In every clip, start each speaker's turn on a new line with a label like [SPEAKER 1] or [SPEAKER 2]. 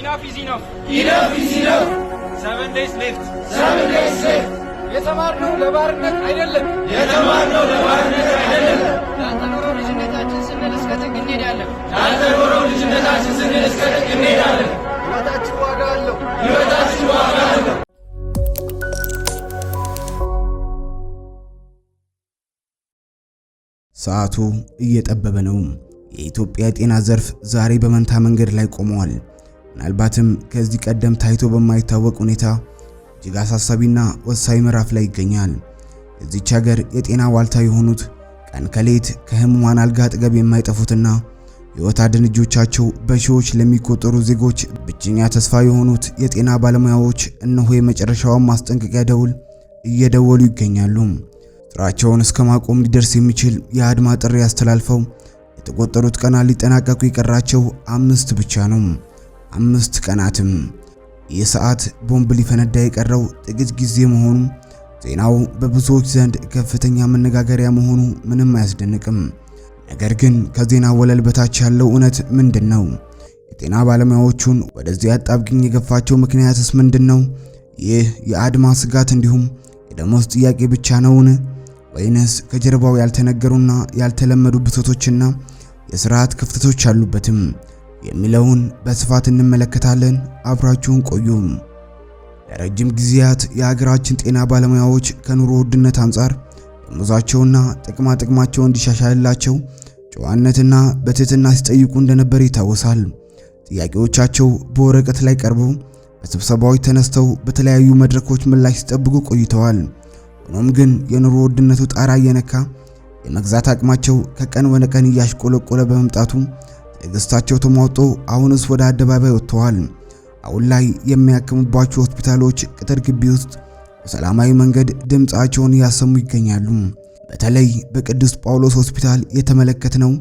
[SPEAKER 1] ኢናፍ ኢዝ ኢናፍ ኢናፍ ኢዝ ኢናፍ። ሰቨን ዴይስ ሌፍት ሰቨን ዴይስ ሌፍት። የተማርነው ለባርነት አይደለም፣ የተማርነው ለባርነት አይደለም። ልጅነታችን ስንል እስከ ጥግ እንሄዳለን፣ ልጅነታችን ስንል እስከ ጥግ እንሄዳለን። ሕይወታችን ዋጋ አለው፣ ሕይወታችን ዋጋ አለው። ሰዓቱ እየጠበበ ነው። የኢትዮጵያ የጤና ዘርፍ ዛሬ በመንታ መንገድ ላይ ቆመዋል። ምናልባትም ከዚህ ቀደም ታይቶ በማይታወቅ ሁኔታ እጅግ አሳሳቢና ወሳኝ ምዕራፍ ላይ ይገኛል። የዚች ሀገር የጤና ዋልታ የሆኑት ቀን ከሌት ከህሙማን አልጋ አጠገብ የማይጠፉትና የህይወት አድን እጆቻቸው በሺዎች ለሚቆጠሩ ዜጎች ብቸኛ ተስፋ የሆኑት የጤና ባለሙያዎች እነሆ የመጨረሻውን ማስጠንቀቂያ ደውል እየደወሉ ይገኛሉ። ስራቸውን እስከ ማቆም ሊደርስ የሚችል የአድማ ጥሪ አስተላልፈው የተቆጠሩት ቀናት ሊጠናቀቁ የቀራቸው አምስት ብቻ ነው። አምስት ቀናትም የሰዓት ቦምብ ሊፈነዳ የቀረው ጥቂት ጊዜ መሆኑ ዜናው በብዙዎች ዘንድ ከፍተኛ መነጋገሪያ መሆኑ ምንም አያስደንቅም። ነገር ግን ከዜና ወለል በታች ያለው እውነት ምንድን ነው? የጤና ባለሙያዎቹን ወደዚህ አጣብቂኝ የገፋቸው ምክንያትስ ምንድን ነው? ይህ የአድማ ስጋት እንዲሁም የደሞዝ ጥያቄ ብቻ ነውን? ወይንስ ከጀርባው ያልተነገሩና ያልተለመዱ ብሶቶችና የስርዓት ክፍተቶች አሉበትም? የሚለውን በስፋት እንመለከታለን። አብራችሁን ቆዩም። ለረጅም ጊዜያት የሀገራችን ጤና ባለሙያዎች ከኑሮ ውድነት አንጻር ደሞዛቸውና ጥቅማ ጥቅማቸው እንዲሻሻልላቸው ጨዋነትና በትህትና ሲጠይቁ እንደነበር ይታወሳል። ጥያቄዎቻቸው በወረቀት ላይ ቀርበው በስብሰባዎች ተነስተው በተለያዩ መድረኮች ምላሽ ሲጠብቁ ቆይተዋል። ሆኖም ግን የኑሮ ውድነቱ ጣራ እየነካ የመግዛት አቅማቸው ከቀን ወደ ቀን እያሽቆለቆለ በመምጣቱ ትዕግስታቸው ተሟጦ አሁንስ ወደ አደባባይ ወጥተዋል። አሁን ላይ የሚያክሙባቸው ሆስፒታሎች ቅጥር ግቢ ውስጥ በሰላማዊ መንገድ ድምፃቸውን እያሰሙ ይገኛሉ። በተለይ በቅዱስ ጳውሎስ ሆስፒታል የተመለከትነው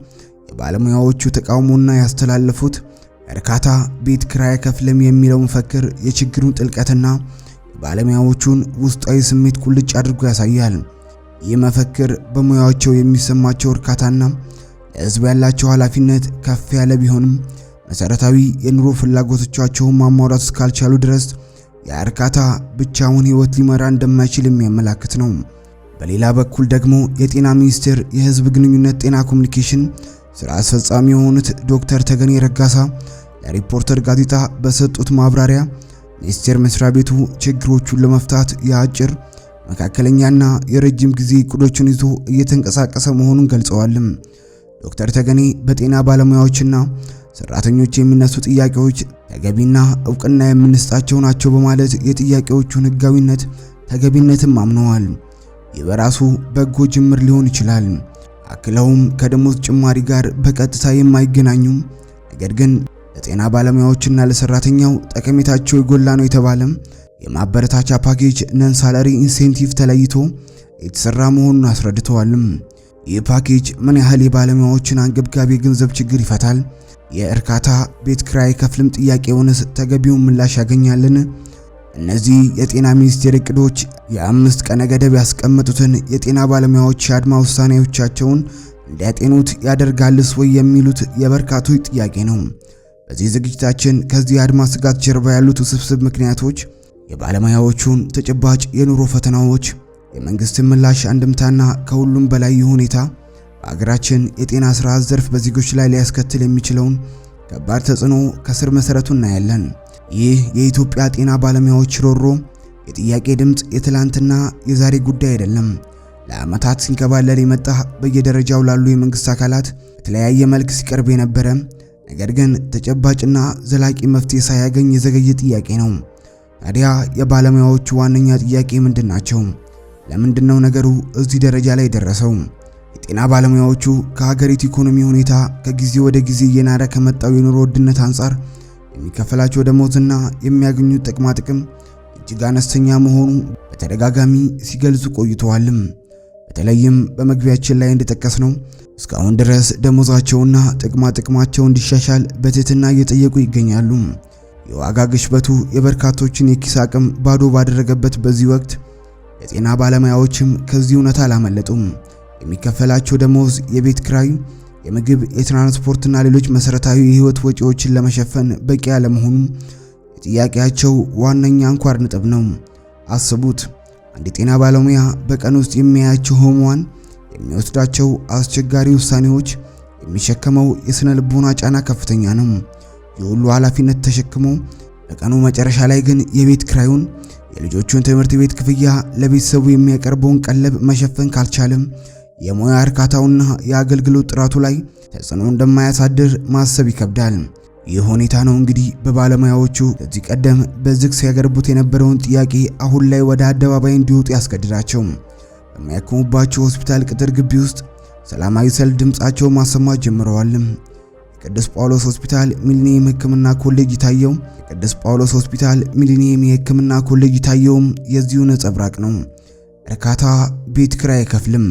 [SPEAKER 1] የባለሙያዎቹ ተቃውሞና ያስተላለፉት እርካታ ቤት ክራይ ከፍልም የሚለው መፈክር የችግሩን ጥልቀትና የባለሙያዎቹን ውስጣዊ ስሜት ቁልጭ አድርጎ ያሳያል። ይህ መፈክር በሙያቸው የሚሰማቸው እርካታና ለሕዝብ ያላቸው ኃላፊነት ከፍ ያለ ቢሆንም መሰረታዊ የኑሮ ፍላጎቶቻቸውን ማሟላት እስካልቻሉ ድረስ የእርካታ ብቻውን ሕይወት ሊመራ እንደማይችል የሚያመላክት ነው። በሌላ በኩል ደግሞ የጤና ሚኒስቴር የህዝብ ግንኙነት ጤና ኮሚኒኬሽን ስራ አስፈጻሚ የሆኑት ዶክተር ተገኔ ረጋሳ ለሪፖርተር ጋዜጣ በሰጡት ማብራሪያ ሚኒስቴር መስሪያ ቤቱ ችግሮቹን ለመፍታት የአጭር መካከለኛና የረጅም ጊዜ እቅዶችን ይዞ እየተንቀሳቀሰ መሆኑን ገልጸዋልም። ዶክተር ተገኔ በጤና ባለሙያዎችና ሰራተኞች የሚነሱ ጥያቄዎች ተገቢና እውቅና የምንስጣቸው ናቸው በማለት የጥያቄዎቹን ህጋዊነት ተገቢነትም አምነዋል። ይህ በራሱ በጎ ጅምር ሊሆን ይችላል። አክለውም ከደሞዝ ጭማሪ ጋር በቀጥታ የማይገናኙም ነገር ግን ለጤና ባለሙያዎችና ለሰራተኛው ጠቀሜታቸው የጎላ ነው የተባለም የማበረታቻ ፓኬጅ ነን ሳላሪ ኢንሴንቲቭ ተለይቶ የተሰራ መሆኑን አስረድተዋልም። ይህ ፓኬጅ ምን ያህል የባለሙያዎችን አንገብጋቢ ገንዘብ ችግር ይፈታል? የእርካታ ቤት ክራይ ከፍልም ጥያቄውንስ ተገቢውን ምላሽ ያገኛልን? እነዚህ የጤና ሚኒስቴር እቅዶች የአምስት ቀነ ገደብ ያስቀመጡትን የጤና ባለሙያዎች የአድማ ውሳኔዎቻቸውን እንዲያጤኑት ያደርጋልስ ወይ የሚሉት የበርካቶች ጥያቄ ነው። በዚህ ዝግጅታችን ከዚህ የአድማ ስጋት ጀርባ ያሉት ውስብስብ ምክንያቶች፣ የባለሙያዎቹን ተጨባጭ የኑሮ ፈተናዎች የመንግስትን ምላሽ አንድምታና ከሁሉም በላይ ሁኔታ በሀገራችን የጤና ስርዓት ዘርፍ በዜጎች ላይ ሊያስከትል የሚችለውን ከባድ ተጽዕኖ ከስር መሰረቱ እናያለን። ይህ የኢትዮጵያ ጤና ባለሙያዎች ሮሮ የጥያቄ ድምፅ የትላንትና የዛሬ ጉዳይ አይደለም። ለዓመታት ሲንከባለል የመጣ በየደረጃው ላሉ የመንግስት አካላት በተለያየ መልክ ሲቀርብ የነበረ ነገር ግን ተጨባጭና ዘላቂ መፍትሄ ሳያገኝ የዘገየ ጥያቄ ነው። ታዲያ የባለሙያዎቹ ዋነኛ ጥያቄ ምንድን ናቸው? ለምንድነው ነገሩ እዚህ ደረጃ ላይ ደረሰው? የጤና ባለሙያዎቹ ከሀገሪቱ ኢኮኖሚ ሁኔታ ከጊዜ ወደ ጊዜ እየናረ ከመጣው የኑሮ ውድነት አንጻር የሚከፈላቸው ደሞዝና የሚያገኙት ጥቅማ ጥቅም እጅግ አነስተኛ መሆኑ በተደጋጋሚ ሲገልጹ ቆይተዋልም። በተለይም በመግቢያችን ላይ እንደጠቀስ ነው። እስካሁን ድረስ ደሞዛቸውና ጥቅማ ጥቅማቸው እንዲሻሻል በትህትና እየጠየቁ ይገኛሉ። የዋጋ ግሽበቱ የበርካቶችን የኪስ አቅም ባዶ ባደረገበት በዚህ ወቅት የጤና ባለሙያዎችም ከዚህ እውነት አላመለጡም። የሚከፈላቸው ደሞዝ፣ የቤት ክራይ፣ የምግብ፣ የትራንስፖርትና ሌሎች መሰረታዊ የህይወት ወጪዎችን ለመሸፈን በቂ አለመሆኑ የጥያቄያቸው ዋነኛ አንኳር ንጥብ ነው። አስቡት፣ አንድ የጤና ባለሙያ በቀን ውስጥ የሚያያቸው ህሙማን፣ የሚወስዳቸው አስቸጋሪ ውሳኔዎች፣ የሚሸከመው የስነ ልቦና ጫና ከፍተኛ ነው። የሁሉ ኃላፊነት ተሸክሞ በቀኑ መጨረሻ ላይ ግን የቤት ክራዩን የልጆቹን ትምህርት ቤት ክፍያ፣ ለቤተሰቡ የሚያቀርበውን ቀለብ መሸፈን ካልቻለም የሙያ እርካታውና የአገልግሎት ጥራቱ ላይ ተጽዕኖ እንደማያሳድር ማሰብ ይከብዳል። ይህ ሁኔታ ነው እንግዲህ በባለሙያዎቹ ከዚህ ቀደም በዝግ ሲያገርቡት የነበረውን ጥያቄ አሁን ላይ ወደ አደባባይ እንዲወጡ ያስገድዳቸው። በሚያክሙባቸው ሆስፒታል ቅጥር ግቢ ውስጥ ሰላማዊ ሰልፍ ድምፃቸው ማሰማት ጀምረዋል። የቅዱስ ጳውሎስ ሆስፒታል ሚሊኒየም ህክምና ኮሌጅ ይታየው የቅዱስ ጳውሎስ ሆስፒታል ሚሊኒየም የህክምና ኮሌጅ ይታየውም የዚሁ ነጸብራቅ ነው። እርካታ ቤት ክራይ አይከፍልም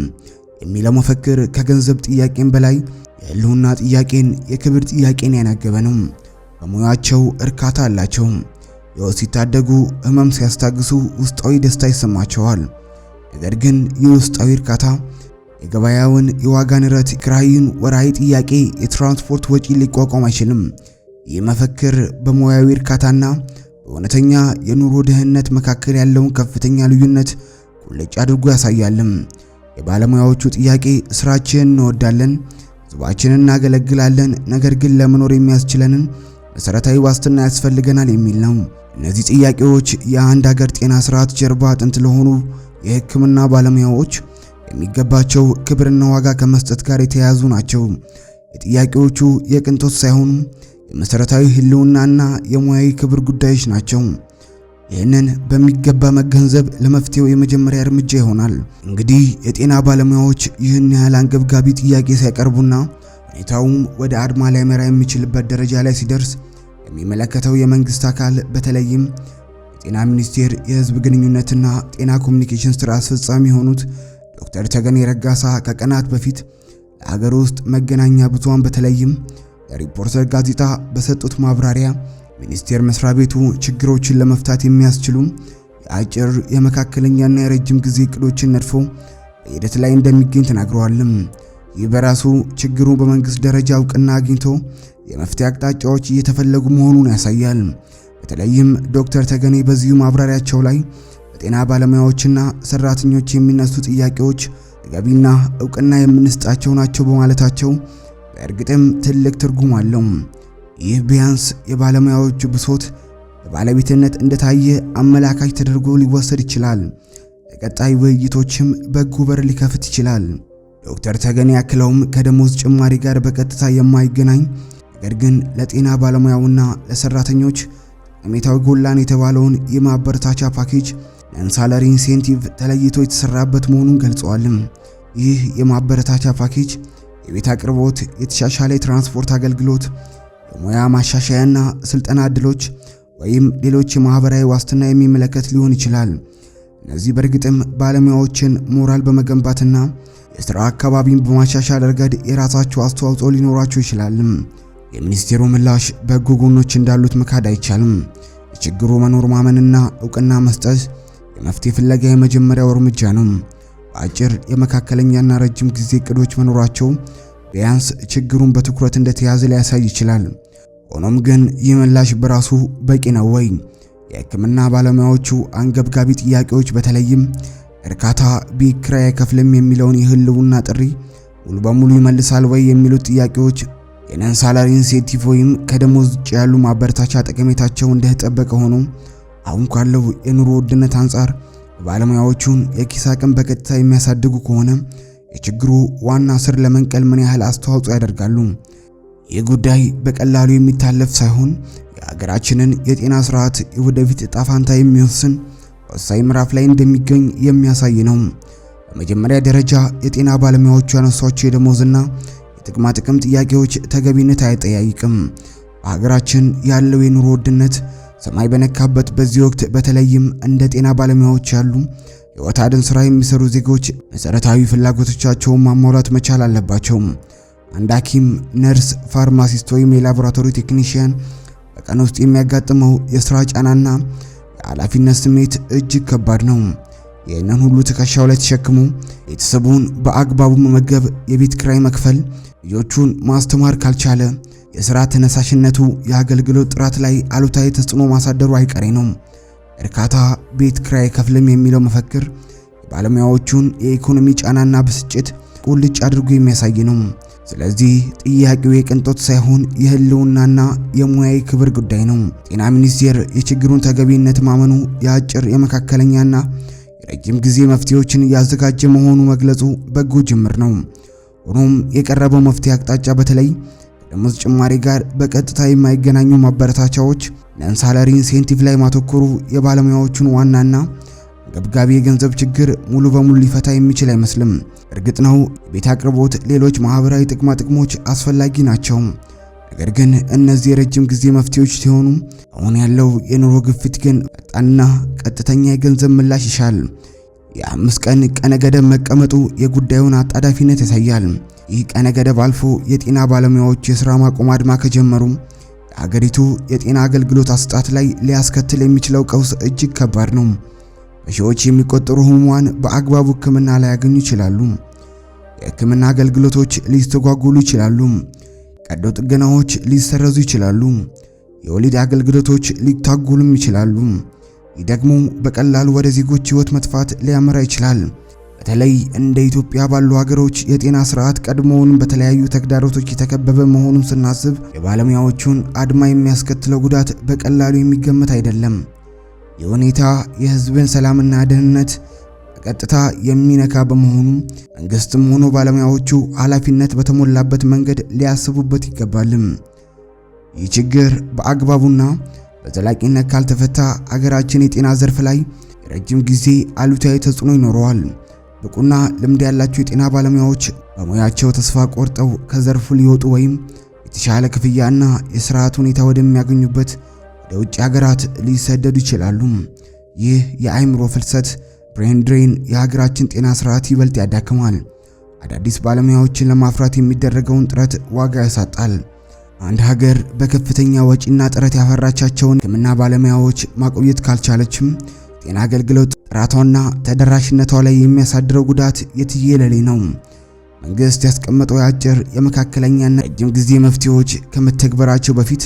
[SPEAKER 1] የሚለው መፈክር ከገንዘብ ጥያቄን በላይ የህልውና ጥያቄን፣ የክብር ጥያቄን ያናገበ ነው። በሙያቸው እርካታ አላቸው። ሕይወት ሲታደጉ፣ ህመም ሲያስታግሱ ውስጣዊ ደስታ ይሰማቸዋል። ነገር ግን የውስጣዊ እርካታ የገበያውን የዋጋ ንረት፣ ክራዩን ወራይ ጥያቄ፣ የትራንስፖርት ወጪ ሊቋቋም አይችልም። ይህ መፈክር በሙያዊ እርካታና በእውነተኛ የኑሮ ደህንነት መካከል ያለውን ከፍተኛ ልዩነት ቁልጭ አድርጎ ያሳያልም። የባለሙያዎቹ ጥያቄ ስራችንን እንወዳለን፣ ህዝባችንን እናገለግላለን፣ ነገር ግን ለመኖር የሚያስችለንን መሰረታዊ ዋስትና ያስፈልገናል የሚል ነው። እነዚህ ጥያቄዎች የአንድ ሀገር ጤና ስርዓት ጀርባ አጥንት ለሆኑ የህክምና ባለሙያዎች የሚገባቸው ክብርና ዋጋ ከመስጠት ጋር የተያያዙ ናቸው። የጥያቄዎቹ የቅንጦት ሳይሆኑ የመሰረታዊ ህልውናና የሙያዊ ክብር ጉዳዮች ናቸው። ይህንን በሚገባ መገንዘብ ለመፍትሄው የመጀመሪያ እርምጃ ይሆናል። እንግዲህ የጤና ባለሙያዎች ይህን ያህል አንገብጋቢ ጥያቄ ሳይቀርቡና ሁኔታውም ወደ አድማ ሊያመራ የሚችልበት ደረጃ ላይ ሲደርስ የሚመለከተው የመንግስት አካል በተለይም የጤና ሚኒስቴር የህዝብ ግንኙነትና ጤና ኮሚኒኬሽን ስራ አስፈጻሚ የሆኑት ዶክተር ተገኔ ረጋሳ ከቀናት በፊት ለሀገር ውስጥ መገናኛ ብዙሃን በተለይም ለሪፖርተር ጋዜጣ በሰጡት ማብራሪያ ሚኒስቴር መስሪያ ቤቱ ችግሮችን ለመፍታት የሚያስችሉ የአጭር የመካከለኛና የረጅም ጊዜ እቅዶችን ነድፎ በሂደት ላይ እንደሚገኝ ተናግረዋልም። ይህ በራሱ ችግሩ በመንግስት ደረጃ እውቅና አግኝቶ የመፍትሄ አቅጣጫዎች እየተፈለጉ መሆኑን ያሳያል። በተለይም ዶክተር ተገኔ በዚሁ ማብራሪያቸው ላይ ከጤና ባለሙያዎችና ሰራተኞች የሚነሱ ጥያቄዎች ገቢና እውቅና የምንስጣቸው ናቸው በማለታቸው በእርግጥም ትልቅ ትርጉም አለው። ይህ ቢያንስ የባለሙያዎቹ ብሶት በባለቤትነት እንደታየ አመላካች ተደርጎ ሊወሰድ ይችላል። ለቀጣይ ውይይቶችም በጎ በር ሊከፍት ይችላል። ዶክተር ተገን ያክለውም ከደሞዝ ጭማሪ ጋር በቀጥታ የማይገናኝ ነገር ግን ለጤና ባለሙያውና ለሰራተኞች ጠሜታዊ ጎላን የተባለውን የማበረታቻ ፓኬጅ ለኢንሳለሪ ኢንሴንቲቭ ተለይቶ የተሰራበት መሆኑን ገልጸዋል። ይህ የማበረታቻ ፓኬጅ የቤት አቅርቦት፣ የተሻሻለ የትራንስፖርት አገልግሎት፣ የሙያ ማሻሻያና ስልጠና እድሎች ወይም ሌሎች የማህበራዊ ዋስትና የሚመለከት ሊሆን ይችላል። እነዚህ በእርግጥም ባለሙያዎችን ሞራል በመገንባትና የስራ አካባቢን በማሻሻል ረገድ የራሳቸው አስተዋጽኦ ሊኖራቸው ይችላልም። የሚኒስቴሩ ምላሽ በጎ ጎኖች እንዳሉት መካድ አይቻልም። የችግሩ መኖር ማመንና እውቅና መስጠት መፍትሄ ፍለጋ የመጀመሪያው እርምጃ ነው። በአጭር የመካከለኛና ረጅም ጊዜ እቅዶች መኖራቸው ቢያንስ ችግሩን በትኩረት እንደተያዘ ሊያሳይ ይችላል። ሆኖም ግን ይህ ምላሽ በራሱ በቂ ነው ወይ? የህክምና ባለሙያዎቹ አንገብጋቢ ጥያቄዎች በተለይም እርካታ ቢክራይ አይከፍልም የሚለውን የህልውና ጥሪ ሙሉ በሙሉ ይመልሳል ወይ የሚሉት ጥያቄዎች የነን ሳላሪ ኢንሴንቲቭ ወይም ከደሞዝ ውጭ ያሉ ማበረታቻ ጠቀሜታቸው እንደተጠበቀ ሆኖ አሁን ካለው የኑሮ ውድነት አንጻር የባለሙያዎቹን የኪስ አቅም በቀጥታ የሚያሳድጉ ከሆነ የችግሩ ዋና ስር ለመንቀል ምን ያህል አስተዋጽኦ ያደርጋሉ? ይህ ጉዳይ በቀላሉ የሚታለፍ ሳይሆን የሀገራችንን የጤና ስርዓት የወደፊት ዕጣ ፈንታ የሚወስን ወሳኝ ምዕራፍ ላይ እንደሚገኝ የሚያሳይ ነው። በመጀመሪያ ደረጃ የጤና ባለሙያዎቹ ያነሷቸው የደሞዝና የጥቅማ ጥቅም ጥያቄዎች ተገቢነት አይጠያይቅም። በሀገራችን ያለው የኑሮ ውድነት ሰማይ በነካበት በዚህ ወቅት በተለይም እንደ ጤና ባለሙያዎች ያሉ የሕይወት አድን ስራ የሚሰሩ ዜጎች መሰረታዊ ፍላጎቶቻቸውን ማሟላት መቻል አለባቸው። አንድ ሐኪም፣ ነርስ፣ ፋርማሲስት ወይም የላቦራቶሪ ቴክኒሽያን በቀን ውስጥ የሚያጋጥመው የስራ ጫናና የኃላፊነት ስሜት እጅግ ከባድ ነው። ይህንን ሁሉ ትከሻው ላይ ተሸክሞ ቤተሰቡን በአግባቡ መመገብ፣ የቤት ክራይ መክፈል፣ ልጆቹን ማስተማር ካልቻለ የሥራ ተነሳሽነቱ የአገልግሎት ጥራት ላይ አሉታዊ ተጽዕኖ ማሳደሩ አይቀሬ ነው። እርካታ ቤት ክራይ ከፍልም የሚለው መፈክር የባለሙያዎቹን የኢኮኖሚ ጫናና ብስጭት ቁልጭ አድርጎ የሚያሳይ ነው። ስለዚህ ጥያቄው የቅንጦት ሳይሆን የህልውናና የሙያዊ ክብር ጉዳይ ነው። ጤና ሚኒስቴር የችግሩን ተገቢነት ማመኑ የአጭር የመካከለኛና የረጅም ጊዜ መፍትሄዎችን እያዘጋጀ መሆኑ መግለጹ በጎ ጅምር ነው። ሆኖም የቀረበው መፍትሄ አቅጣጫ በተለይ ደሞዝ ጭማሪ ጋር በቀጥታ የማይገናኙ ማበረታቻዎች፣ ነን ሳላሪ ኢንሴንቲቭ ላይ ማተኮሩ የባለሙያዎቹን ዋናና ገብጋቢ የገንዘብ ችግር ሙሉ በሙሉ ሊፈታ የሚችል አይመስልም። እርግጥ ነው የቤት አቅርቦት፣ ሌሎች ማህበራዊ ጥቅማ ጥቅሞች አስፈላጊ ናቸው። ነገር ግን እነዚህ የረጅም ጊዜ መፍትሄዎች ሲሆኑ፣ አሁን ያለው የኑሮ ግፊት ግን ፈጣንና ቀጥተኛ የገንዘብ ምላሽ ይሻል። የአምስት ቀን ቀነ ገደብ መቀመጡ የጉዳዩን አጣዳፊነት ያሳያል። ይህ ቀነ ገደብ አልፎ የጤና ባለሙያዎች የሥራ ማቆም አድማ ከጀመሩ የአገሪቱ የጤና አገልግሎት አሰጣጥ ላይ ሊያስከትል የሚችለው ቀውስ እጅግ ከባድ ነው። በሺዎች የሚቆጠሩ ህሙማን በአግባቡ ሕክምና ላያገኙ ይችላሉ። የሕክምና አገልግሎቶች ሊስተጓጉሉ ይችላሉ። ቀዶ ጥገናዎች ሊሰረዙ ይችላሉ። የወሊድ አገልግሎቶች ሊታጉሉም ይችላሉ። ይህ ደግሞ በቀላሉ ወደ ዜጎች ህይወት መጥፋት ሊያመራ ይችላል። በተለይ እንደ ኢትዮጵያ ባሉ ሀገሮች የጤና ስርዓት ቀድሞውን በተለያዩ ተግዳሮቶች የተከበበ መሆኑን ስናስብ የባለሙያዎቹን አድማ የሚያስከትለው ጉዳት በቀላሉ የሚገመት አይደለም። ይህ ሁኔታ የህዝብን ሰላምና ደህንነት በቀጥታ የሚነካ በመሆኑ መንግስትም ሆኖ ባለሙያዎቹ ኃላፊነት በተሞላበት መንገድ ሊያስቡበት ይገባልም። ይህ ችግር በአግባቡና በዘላቂነት ካልተፈታ አገራችን የጤና ዘርፍ ላይ የረጅም ጊዜ አሉታዊ ተጽዕኖ ይኖረዋል። ብቁና ልምድ ያላቸው የጤና ባለሙያዎች በሙያቸው ተስፋ ቆርጠው ከዘርፉ ሊወጡ ወይም የተሻለ ክፍያና የስርዓት ሁኔታ ወደሚያገኙበት ወደ ውጭ ሀገራት ሊሰደዱ ይችላሉ። ይህ የአእምሮ ፍልሰት ብሬን ድሬን የሀገራችን ጤና ስርዓት ይበልጥ ያዳክማል። አዳዲስ ባለሙያዎችን ለማፍራት የሚደረገውን ጥረት ዋጋ ያሳጣል። አንድ ሀገር በከፍተኛ ወጪና ጥረት ያፈራቻቸውን ሕክምና ባለሙያዎች ማቆየት ካልቻለችም ጤና አገልግሎት ጥራቷና ተደራሽነቷ ላይ የሚያሳድረው ጉዳት የትየለሌ ነው። መንግስት ያስቀመጠው የአጭር የመካከለኛና ረጅም ጊዜ መፍትሄዎች ከመተግበራቸው በፊት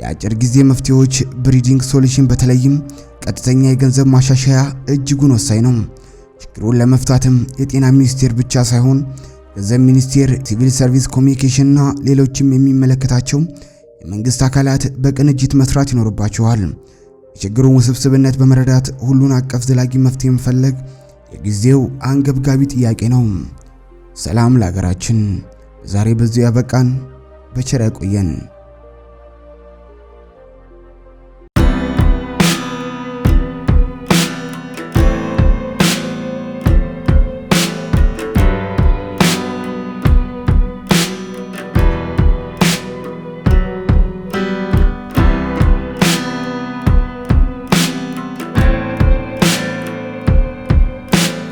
[SPEAKER 1] የአጭር ጊዜ መፍትሄዎች ብሪዲንግ ሶሉሽን በተለይም ቀጥተኛ የገንዘብ ማሻሻያ እጅጉን ወሳኝ ነው። ችግሩን ለመፍታትም የጤና ሚኒስቴር ብቻ ሳይሆን ገንዘብ ሚኒስቴር፣ ሲቪል ሰርቪስ ኮሚኒኬሽን እና ሌሎችም የሚመለከታቸው የመንግስት አካላት በቅንጅት መስራት ይኖርባቸዋል። የችግሩን ውስብስብነት በመረዳት ሁሉን አቀፍ ዘላቂ መፍትሄ መፈለግ የጊዜው አንገብጋቢ ጥያቄ ነው። ሰላም ለሀገራችን። ዛሬ በዚሁ ያበቃን። በቸር ያቆየን።